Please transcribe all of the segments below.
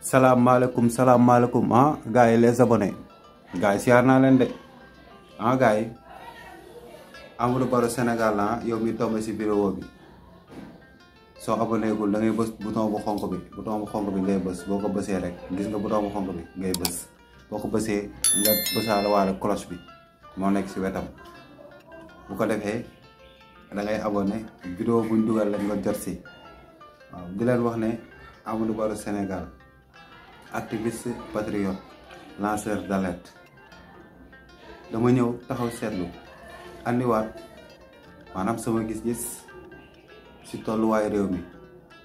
salaamaaleykum salaamaaleykum ah gars yi les abonnés gars yi siyaar naa leen de ah gars yi Amadou Baro Sénégal la ah, yow mi tombé si vidéo bi soo abonné da ngay bës bouton bu xonk bu xonk bi rek gis nga bouton bu xonk bi ngay bës boo ko bësee nga bi moo nekk si wetam bu ko defee da ngay abonné vidéo si wax ne Amadou Baro Sénégal aktivis patriot lanceur dalet. dama ñew taxaw andi wat manam sama gis-gis si way rew mi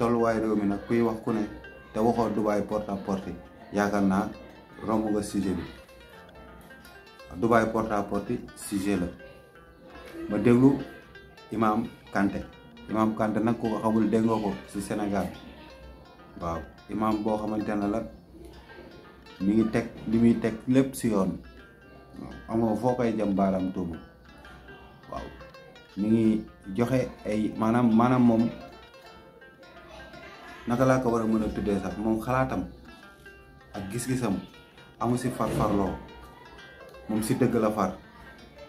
way rew mi nak kuy wax ku ne te waxo dubai porte à porte yaakar na romu ga sujet bi dubai porte porte sujet la ma deglu Imam Kante, Imam Kante nak ko xamul dengo ko si Sénégal waaw imam bo xamante la mi ngi tek li mi tek lepp ci yoon amo fokay koy jëm tobu mana waaw mi ngi joxe ay manam manam mom naka la ko wara meuna tuddé sax mom xalaatam ak gis-gisam amu si farlo mom ci deug la far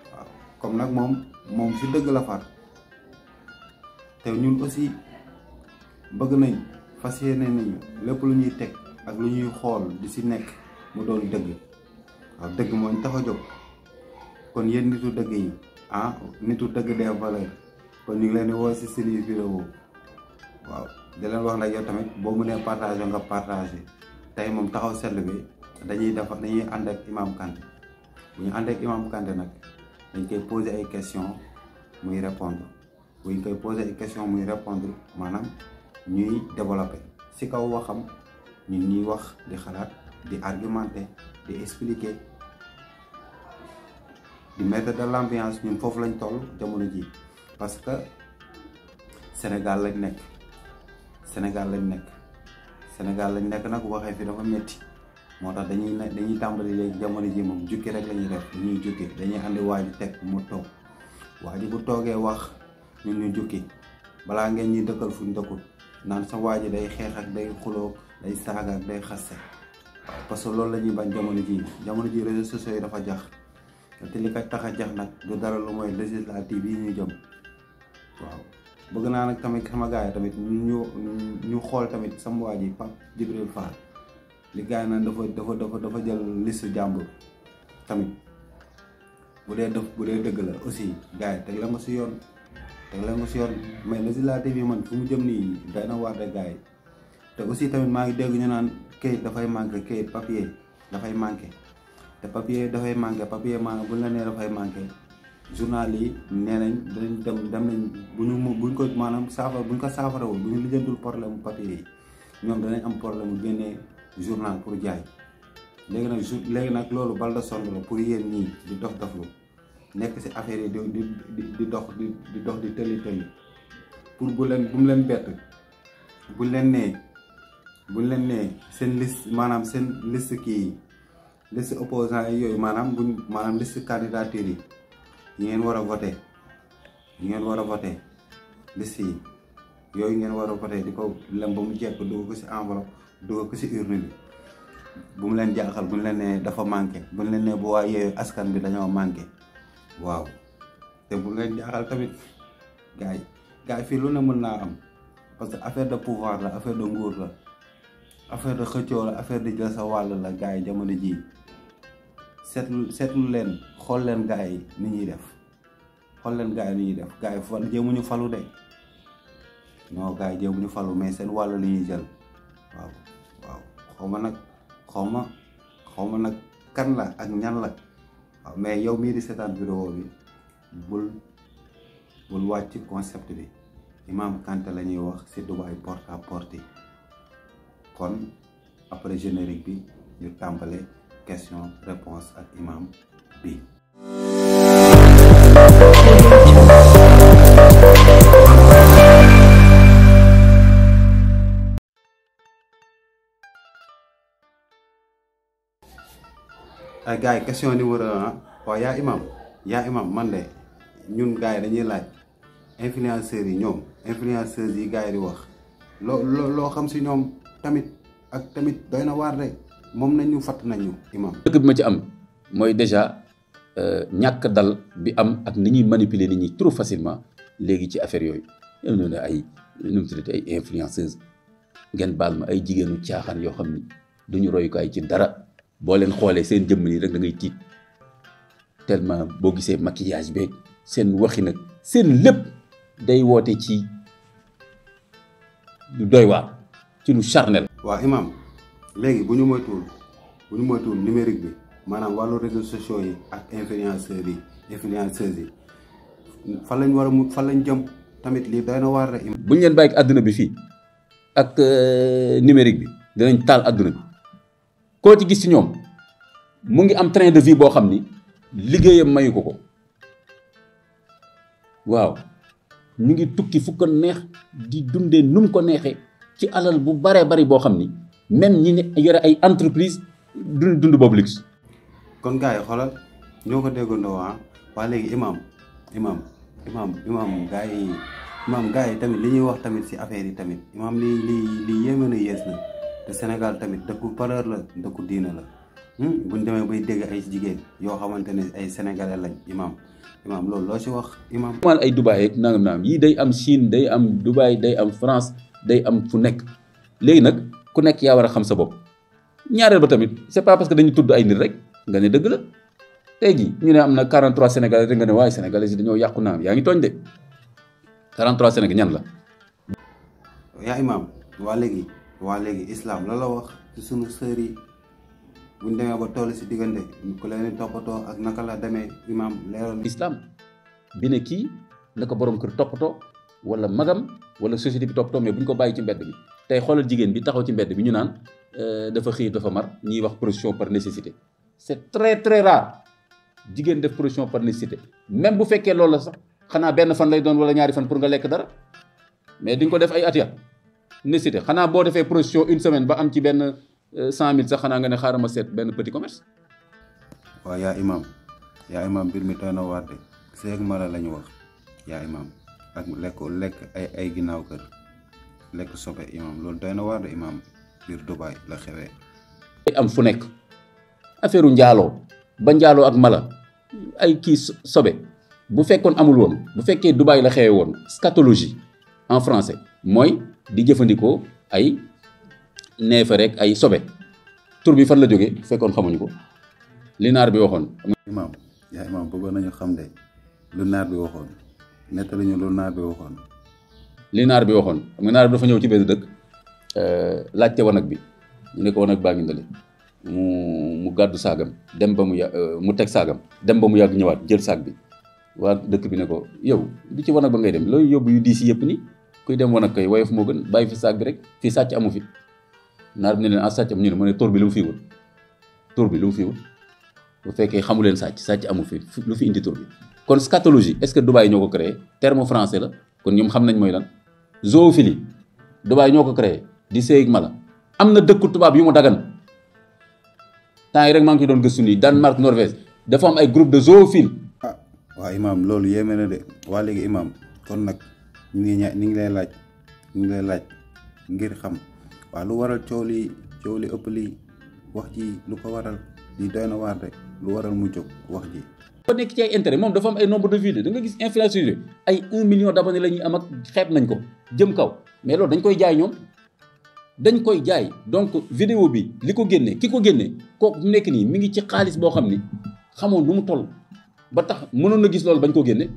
farlo, comme nak mom mom si deug la far té ñun aussi bëgg nañ fasiyé nañ nañu lépp lu ñuy tek ak lu ñuy xol di si nekk mu doon dëgg dëgg moo ñu tax kon yéen nitu dëgg yi ah nitu dëgg des valeurs kon ñu ngi leen di woo si suñuy vidéo waaw di leen wax nag yow tamit boo mu mënee partagé nga partage tey moom taxaw sell bi dañuy defar dañuy ànd ak Imam Kanté bu ñu ànd ak Imam Kanté nag dañ koy poser ay questions muy répondre bu ñu koy poser ay questions muy répondre maanaam ñuy développé si kaw waxam ñun ñuy wax di xalaat. di argumenter di expliquer di mettre de l'ambiance ñun foofu lañ toll jamono ji parce que Sénégal lañ nekk Sénégal lañ nekk Sénégal lañ nekk nag waxee fi dafa metti moo tax dañuy ne dañuy tàmbali léegi jamono ji moom jukki rek la ñuy def dañuy jukki dañuy andi waa ji teg mu toog waa ji bu toogee wax ñun ñu jukki balaa ngeen ñuy dëkkal fuñ dëkkul naan sa waa ji day xeex ak day xuloo day saaga ak day xaste waaw parce que loolu la ñuy bañ jamono ji jamono ji réseaux sociaux yi dafa jax te li ko tax a jax nag du dara lu mooy législative yi ñu jëm waaw bëgg naa nag tamit sama gars yi tamit ñu ñu xool tamit sama waa ji Pape Djibril Fall li gars yi naan dafa dafa dafa dafa jël liste jàmbur tamit bu dee def bu dee dëgg la aussi gars yi teg la nga si yoon teg la nga si yoon mais législative yi man fu mu jëm nii day na waar yi te aussi tamit maa ngi dégg ñu naan. këyit dafay manqué këyit papier dafay manqué te papier dafay manqué papier maanaam bu ñu la nee dafay manqué journal yi nee nañ dinañ dem dem nañ bu ñu buñ ko maanaam saafara buñ ko saafarawul bu ñu lijjantul problème papier yi ñoom danañ am problème bu génnee journal pour jaay léegi nag jour léegi nag loolu bal da sond la pour yéen ñii di dox doflu nekk si affaire yi di di di dox di dox di tëli tëli pour bu leen bu mu leen bett bu leen nee. buñ leen né seen liste manam seen liste ki liste opposant yi manam maanaam buñ manam liste candidature yi ñeen wara voter ñeen wara voter liste yi yoy ñeen wara voter diko lem bu mu jekk dugal ko ci enveloppe dugal ko ci urne bi bu mu leen jaxal buñ leen né dafa manqué buñ leen né bu waa askan bi dañoo manqué waaw te bu leen jaxal tamit gaay gaay fi lu ne mëna am parce que affaire de pouvoir la affaire de ngour la affaire de xëccoo la affaire de jël sa wàll la gars yi jamono jii seetlu seetlu leen xool leen gars yi ni ñuy def xool leen gars def gars yi fal jéemuñu falu de non gaay yi falu mais seen wàll li ñuy jël waaw waaw ma nag xaw ma xaw ma nag kan la ak ñan la waaw mais yow mii di seetaan vidéo bi bul bul wàcc concept bi Imam Kanté la ñuy wax si Dubaï porte à kon après générique bi ñu tàmbale question réponse ak imam bi ay gars yi question numéro un waaw yaa imam yaa imam man de ñun gars yi dañuy laaj influenceurs yi ñoom influenceuses yi gars yi di wax loo loo loo xam si ñoom tamit ak tamit doy na waar rek moom nañu ñu fatt nañu imam dëkk bi ma ci am mooy déjà euh, ñàkk dal bi am ak ni ñuy manipuler nit ñi trop facilement léegi ci affaire yooyu yow ñoo ne ay nu mu ay influenceuse ngeen baal ma ay jigéenu caaxaan yoo xam ni duñu royukaay ci dara boo leen xoolee seen jëmm nii rek da ngay tiit tellement boo gisee maquillage beeg seen waxi nag seen lépp day woote ci doy waa ci lu charnel. waaw imaam léegi bu ñu moytuwul bu ñu moytuwul numérique bi maanaam wàllu réseau sociaux yi ak influenceurs yi influenceuses yi fan lañ war a mu fan lañu jëm tamit lii day na waar rek. bu ñu leen bàyyi àdduna bi fii ak euh, numérique bi dinañ taal àdduna bi koo ci gis ci ñoom mu ngi am train de vie boo xam ni liggéeyam mayu ko ko waaw mu ngi tukki fu ko neex di dundee num ko neexee. ci alal bu bare bari boo xam ni même ñi ne yore ay entreprise dund dund boobu luxe. kon gars yi xoolal ñoo ko déggandoo ah waa léegi imam imam imaam imam gars yi imaam gars yi tamit li ñuy wax tamit si affaire yi tamit imam li li li yéeme na yees na te Sénégal tamit dëkku valeur la dëkku diina la buñ demee bay dégg ay jigéen yoo xamante ne ay sénégalais lañ imam imam loolu loo ci wax imam. imaam. ay Dubaay ak nangam naam yii day am Chine day am Dubaay day am France. day am fu nekk léegi nag ku nekk yaa war a xam sa bopp ñaareel ba tamit c'est pas parce que dañu tudd ay nit rek nga ne dëgg la tey ñu ne am na 43 sénégalais rek nga ne waaye sénégalais yi dañoo yàqu naam yaa ngi tooñ de 43 sénégalais ñan la. yaa imaam waa léegi waa léegi islam la la wax ci sunu sœur yi buñ demee ba toll si diggante ko leen toppatoo ak naka la demee imaam leeral. islam bi ne kii borom kër toppatoo wala magam wala société bi top tomé buñ ko bayyi ci mbedd bi tay xolal jigen bi taxaw ci mbedd bi ñu naan euh, dafa xiif dafa mar ñi wax production par nécessité c'est très très rare jigen def production par nécessité même bu fekkee loolu sax xana benn fan lay doon wala ñaari fan pour nga lek dara mais diñ ko def ay atiya nécessité xana bo defee production une semaine ba am ci benn 100000 euh, sax xana nga ne xaaral set benn petit commerce. wa ya imam ya imam bir mi doy na waar de seeg wax ya imam ak lekk lekk ay ay ginnaaw lekk sobe imaam loolu doy na waar de imaam biir Dubaay la xewee. am fu nekk affaire njaaloo ba njaaloo ak mala ay kii sobe bu fekkoon amul woon bu fekkee Dubaay la xewee woon scatologie en français mooy di jëfandikoo ay neefe rek ay sobe tur bi fan la jógee fekkoon xamuñu ko li naar bi waxoon. imaam yaa imaam bëggoon nañu xam de lu naar bi waxoon. nettali ñu loolu naar bi waxoon. li naar bi waxoon xam naar bi dafa ñëw ci benn dëkk euh, laajte wanag bi ñu ne ko wanag baa ngi ndële mu gàddu saagam dem ba mu yà euh, mu teg saagam dem ba mu yàgg ñëwaat jël saag bi waa dëkk bi ne ko yow li ci wanag ba ngay dem looy yóbbu yu diis yëpp ni kuy dem wanag koy woyof moo gën bàyyi fi saag bi rek fii sàcc amu fi naar bi ne leen ah sàcc am ñu ne mu ne tóor bi lu mu fii wut tóor bi lu mu fii wut bu fekkee xamu leen sàcc sàcc amu fi lu fi indi tóor kon scatologie est-ce que Dubaï ñoo ko créé terme français la kon ñoom xam nañ mooy lan zoophilie Dubaï ñoo ko créé di séy ak mala am na dëkku tubaab yu mu dagan temps yi rek maa ngi doon gëstu nii Danemark Norvège dafa am ay groupe de zoophile. ah waaw Imaam loolu yéeme na de waa léegi Imaam kon nag ñu ngi ña ñu ngi lay laaj ñu ngi lay laaj ngir xam waaw lu waral coow li coow li ëpp lii wax ji lu ko waral di doy na waar rek lu waral mu jóg wax ji. ko ci ay intérêt mom dafa am ay nombre de vues da nga gis influenceurs ay 1 million d'abonnés la am ak xeeb nañ ko jëm kaw mais loolu dañ koy jaay ñom dañ koy jaay donc vidéo bi liko ko kiko ki ko génnee kooku nekk nii mi ngi ci xaalis bo xamni ni xamoon lu mu toll ba tax mënoon na gis loolu bañ ko génne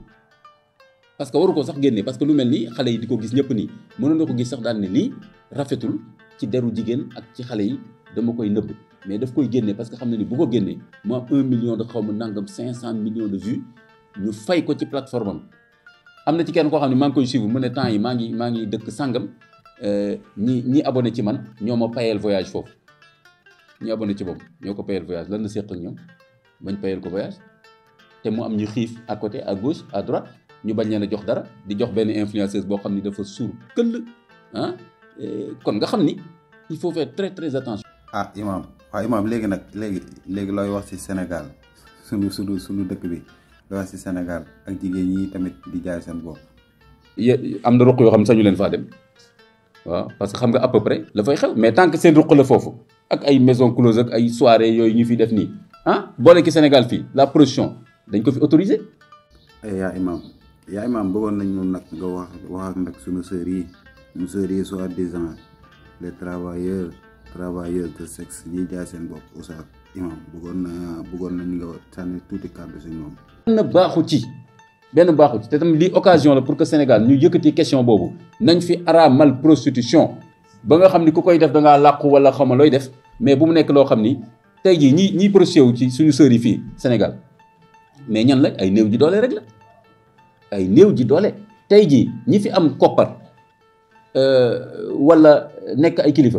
parce que waru ko sax génne parce que lu mel nii xale yi diko gis ñëpp ni mënoon na ko gis sax dal ni lii rafetul ci deru jigéen ak ci xalé yi dama koy neub mais daf koy génne parce que xam na ni bu ko génnee mu am un million de xaw nangam cinq cent millions de vues ñu fay ko ci plateforme am am na ci kenn koo xam ne maa ngi koy suivre mu ne temps yi maa ngi maa ngi dëkk sàngam euh, ñi ñi abonné ci man ñoo ma payal voyage foofu ñi abonné ci moom ñoo ko payal voyage lan la séq ak ñoom bañ payal ko voyage te mu am ñu xiif à côté à gauche à droite ñu bañ leen a jox dara di jox benn influenceuse boo xam ni dafa suur këll ah euh, kon nga xam ni il faut faire très très attention ah imam waaw imaam léegi nag léegi léegi looy wax ci Sénégal sunu sunu sunu dëkk bi looy wax ci Sénégal ak jigéen ñi tamit di jaay seen bopp. am na ruq yoo xam sañu sax ñu leen faa dem waaw parce que xam nga à peu près la fay xew mais tant que seen ruq la foofu ak ay maison close ak ay soirée yooyu ñu fi def nii ah boole ki Sénégal fii la production dañ ko fi autorisé. Eh, yaa imaam yaa imaam bëggoon nañu moom nag nga wax wax nag sunu sœurs yi sunu sœurs yi soit disant les travailleurs travailleurs de sexe ñiy jaay seen bopp Oustaz Imam bëggoon na bëggoon nañ nga sànni tuuti kàddu si ñoom. benn baaxu ci benn baaxu ci te tam lii occasion la pour que Sénégal ñu yëkkati question boobu nañ fi araamal prostitution ba nga xam ni ku koy def da ngaa làqu wala xaw ma looy def mais bu mu nekk loo xam ni tey jii ñi ñiy prostitué ci suñu sœurs yi fii Sénégal mais ñan la ay néew ji doole rek la ay néew ji doole tey jii ñi fi am koppar euh, wala nekk ay kilifa.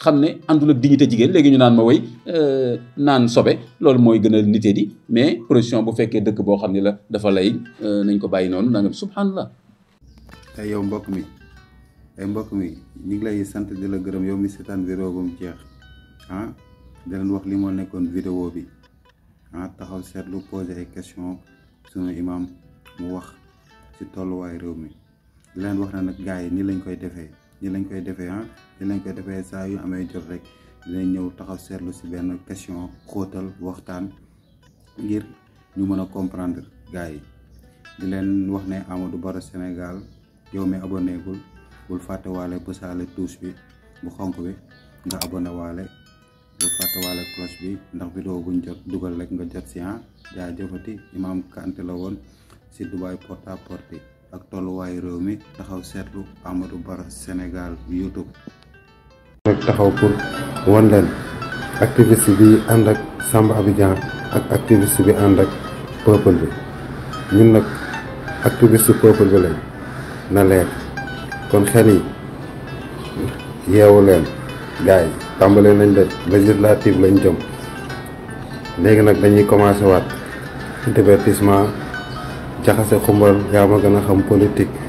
xam ne àndul ak dignité jigéen léegi ñu naan ma woy euh, naan sobe loolu mooy gën a nité di mais production bu fekkee dëkk boo xam ne la dafa lay euh, nañ ko bàyyi noonu nangam subhanallah ay yow mbokk mi ay mbokk mi ñu ngi lay sant di la gërëm yow mi seetaan vidéo bu mu jeex ah wax li moo nekkoon vidéo bi ah taxaw seetlu poser ay question sunu imam mu wax ci tolluwaay réew mi di leen wax na nag gaa yi nii lañ koy defee ni lañ koy défé hein ni lañ koy défé sa yu amé jot rek dinañ ñëw taxaw sétlu ci benn question xotal waxtaan ngir ñu mëna comprendre gaay di leen wax né Amadou Baro Sénégal yow mi abonné gul bul fàtte waale bësaale touche bi bu xonku bi nga abonné walé bul faté walé cloche bi ndax vidéo buñ jot dugal rek nga jot ci hein ah jëfati Imam Kanté la won ci Dubai porta porte ak tolluwaayu rew mi taxaw setlu Amadou bar senegal YouTube. rek taxaw pour won len activiste bi ànd ak Samba Abidjan ak activiste bi ànd ak peuple bi ñun nak activiste peuple bi lañ na leer kon xani yi len leen tambale nañ de législative lañ jëm léegi nak dañuy commencé wat divertissement. jaxase xumbaral yaa ma gën a xam politique